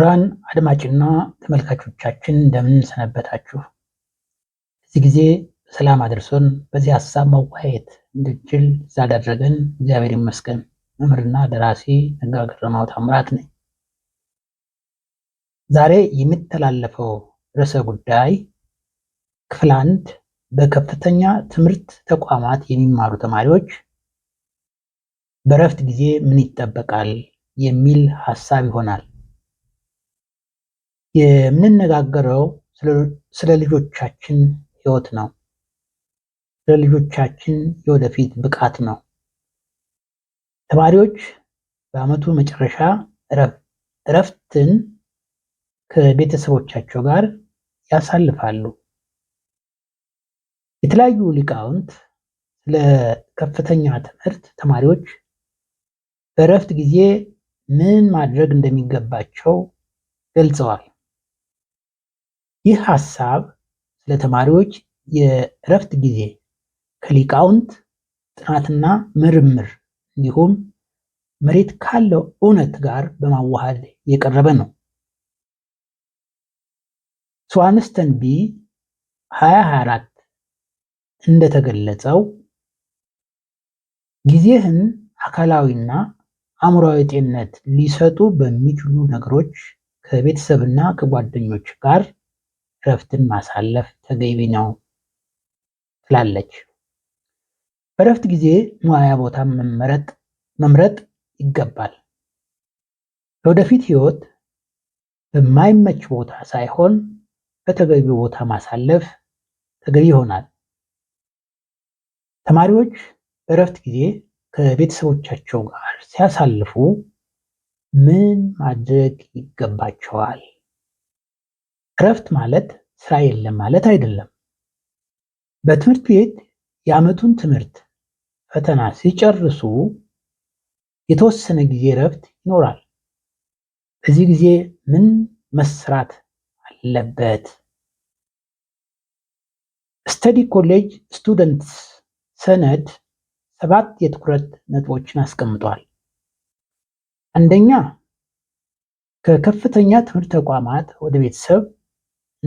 ክቡራን አድማጭና ተመልካቾቻችን እንደምን ሰነበታችሁ? በዚህ ጊዜ ሰላም አድርሶን በዚህ ሀሳብ መወያየት እንድችል ስላደረገን እግዚአብሔር ይመስገን። መምህርና ደራሲ ነጋገረማው ታምራት ነኝ። ዛሬ የሚተላለፈው ርዕሰ ጉዳይ ክፍል አንድ በከፍተኛ ትምህርት ተቋማት የሚማሩ ተማሪዎች በእረፍት ጊዜ ምን ይጠበቃል የሚል ሀሳብ ይሆናል። የምንነጋገረው ስለ ልጆቻችን ህይወት ነው። ስለ ልጆቻችን የወደፊት ብቃት ነው። ተማሪዎች በአመቱ መጨረሻ እረፍትን ከቤተሰቦቻቸው ጋር ያሳልፋሉ። የተለያዩ ሊቃውንት ስለ ከፍተኛ ትምህርት ተማሪዎች በእረፍት ጊዜ ምን ማድረግ እንደሚገባቸው ገልጸዋል። ይህ ሀሳብ ለተማሪዎች የእረፍት ጊዜ ከሊቃውንት ጥናትና ምርምር እንዲሁም መሬት ካለው እውነት ጋር በማዋሃድ የቀረበ ነው። ቢ 2024 እንደተገለጸው ጊዜህን አካላዊና አእምሯዊ ጤንነት ሊሰጡ በሚችሉ ነገሮች ከቤተሰብና ከጓደኞች ጋር እረፍትን ማሳለፍ ተገቢ ነው ትላለች። በእረፍት ጊዜ ሙያ ቦታ መምረጥ ይገባል። ለወደፊት ህይወት በማይመች ቦታ ሳይሆን በተገቢ ቦታ ማሳለፍ ተገቢ ይሆናል። ተማሪዎች በእረፍት ጊዜ ከቤተሰቦቻቸው ጋር ሲያሳልፉ ምን ማድረግ ይገባቸዋል? እረፍት ማለት ስራ የለም ማለት አይደለም። በትምህርት ቤት የዓመቱን ትምህርት ፈተና ሲጨርሱ የተወሰነ ጊዜ እረፍት ይኖራል። በዚህ ጊዜ ምን መስራት አለበት? ስተዲ ኮሌጅ ስቱደንትስ ሰነድ ሰባት የትኩረት ነጥቦችን አስቀምጧል። አንደኛ ከከፍተኛ ትምህርት ተቋማት ወደ ቤተሰብ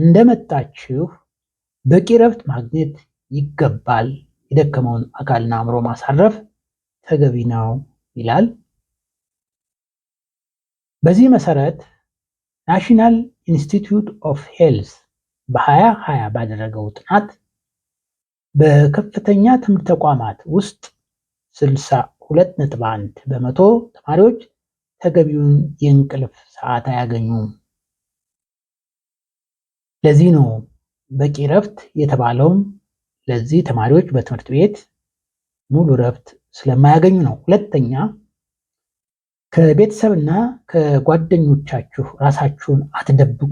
እንደመጣችሁ በቂ ረፍት ማግኘት ይገባል። የደከመውን አካልና አእምሮ ማሳረፍ ተገቢ ነው ይላል። በዚህ መሰረት ናሽናል ኢንስቲትዩት ኦፍ ሄልስ በ2020 ባደረገው ጥናት በከፍተኛ ትምህርት ተቋማት ውስጥ 62.1 በመቶ ተማሪዎች ተገቢውን የእንቅልፍ ሰዓት አያገኙም ለዚህ ነው በቂ እረፍት የተባለውም ለዚህ ተማሪዎች በትምህርት ቤት ሙሉ እረፍት ስለማያገኙ ነው። ሁለተኛ ከቤተሰብና ከጓደኞቻችሁ ራሳችሁን አትደብቁ፣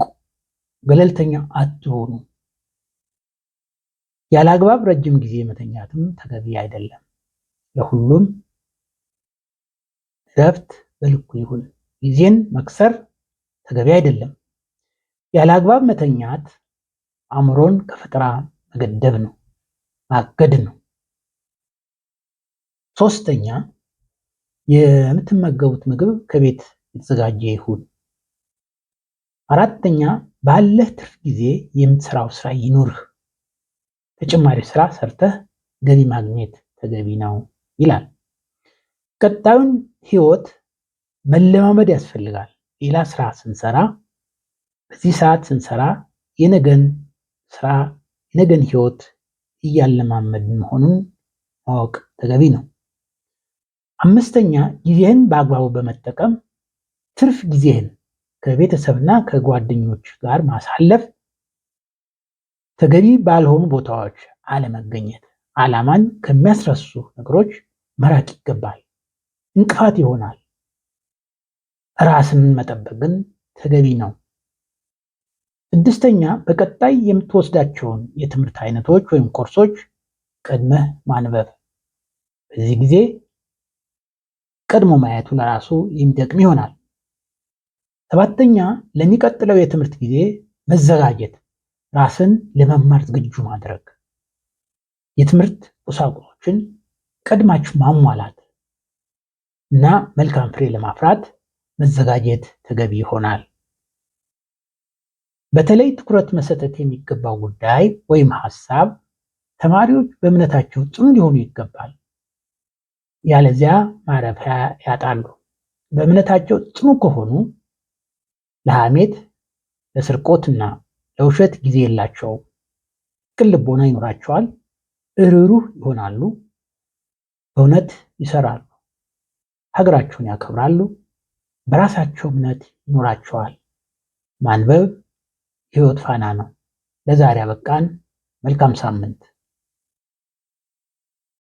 ገለልተኛ አትሆኑ። ያለ አግባብ ረጅም ጊዜ መተኛትም ተገቢ አይደለም። ለሁሉም እረፍት በልኩ ይሁን። ጊዜን መክሰር ተገቢ አይደለም። ያለ አግባብ መተኛት አእምሮን ከፈጠራ መገደብ ነው፣ ማገድ ነው። ሶስተኛ የምትመገቡት ምግብ ከቤት የተዘጋጀ ይሁን። አራተኛ ባለህ ትርፍ ጊዜ የምትሰራው ስራ ይኑርህ። ተጨማሪ ስራ ሰርተህ ገቢ ማግኘት ተገቢ ነው ይላል። ቀጣዩን ህይወት መለማመድ ያስፈልጋል። ሌላ ስራ ስንሰራ በዚህ ሰዓት ስንሰራ የነገን ስራ የነገን ህይወት እያለማመድን መሆኑን ማወቅ ተገቢ ነው። አምስተኛ ጊዜህን በአግባቡ በመጠቀም ትርፍ ጊዜህን ከቤተሰብና ከጓደኞች ጋር ማሳለፍ፣ ተገቢ ባልሆኑ ቦታዎች አለመገኘት፣ ዓላማን ከሚያስረሱ ነገሮች መራቅ ይገባል። እንቅፋት ይሆናል። ራስን መጠበቅ ግን ተገቢ ነው። ስድስተኛ በቀጣይ የምትወስዳቸውን የትምህርት አይነቶች ወይም ኮርሶች ቀድመህ ማንበብ። በዚህ ጊዜ ቀድሞ ማየቱ ለራሱ የሚጠቅም ይሆናል። ሰባተኛ ለሚቀጥለው የትምህርት ጊዜ መዘጋጀት፣ ራስን ለመማር ዝግጁ ማድረግ፣ የትምህርት ቁሳቁሶችን ቀድማችሁ ማሟላት እና መልካም ፍሬ ለማፍራት መዘጋጀት ተገቢ ይሆናል። በተለይ ትኩረት መሰጠት የሚገባው ጉዳይ ወይም ሀሳብ ተማሪዎች በእምነታቸው ጽኑ ሊሆኑ ይገባል። ያለዚያ ማረፊያ ያጣሉ። በእምነታቸው ጽኑ ከሆኑ ለሐሜት፣ ለስርቆትና ለውሸት ጊዜ የላቸው ቅን ልቦና ይኖራቸዋል፣ እርሩህ ይሆናሉ፣ በእውነት ይሰራሉ፣ ሀገራቸውን ያከብራሉ፣ በራሳቸው እምነት ይኖራቸዋል። ማንበብ ህይወት ፋና ነው። ለዛሬ አበቃን። መልካም ሳምንት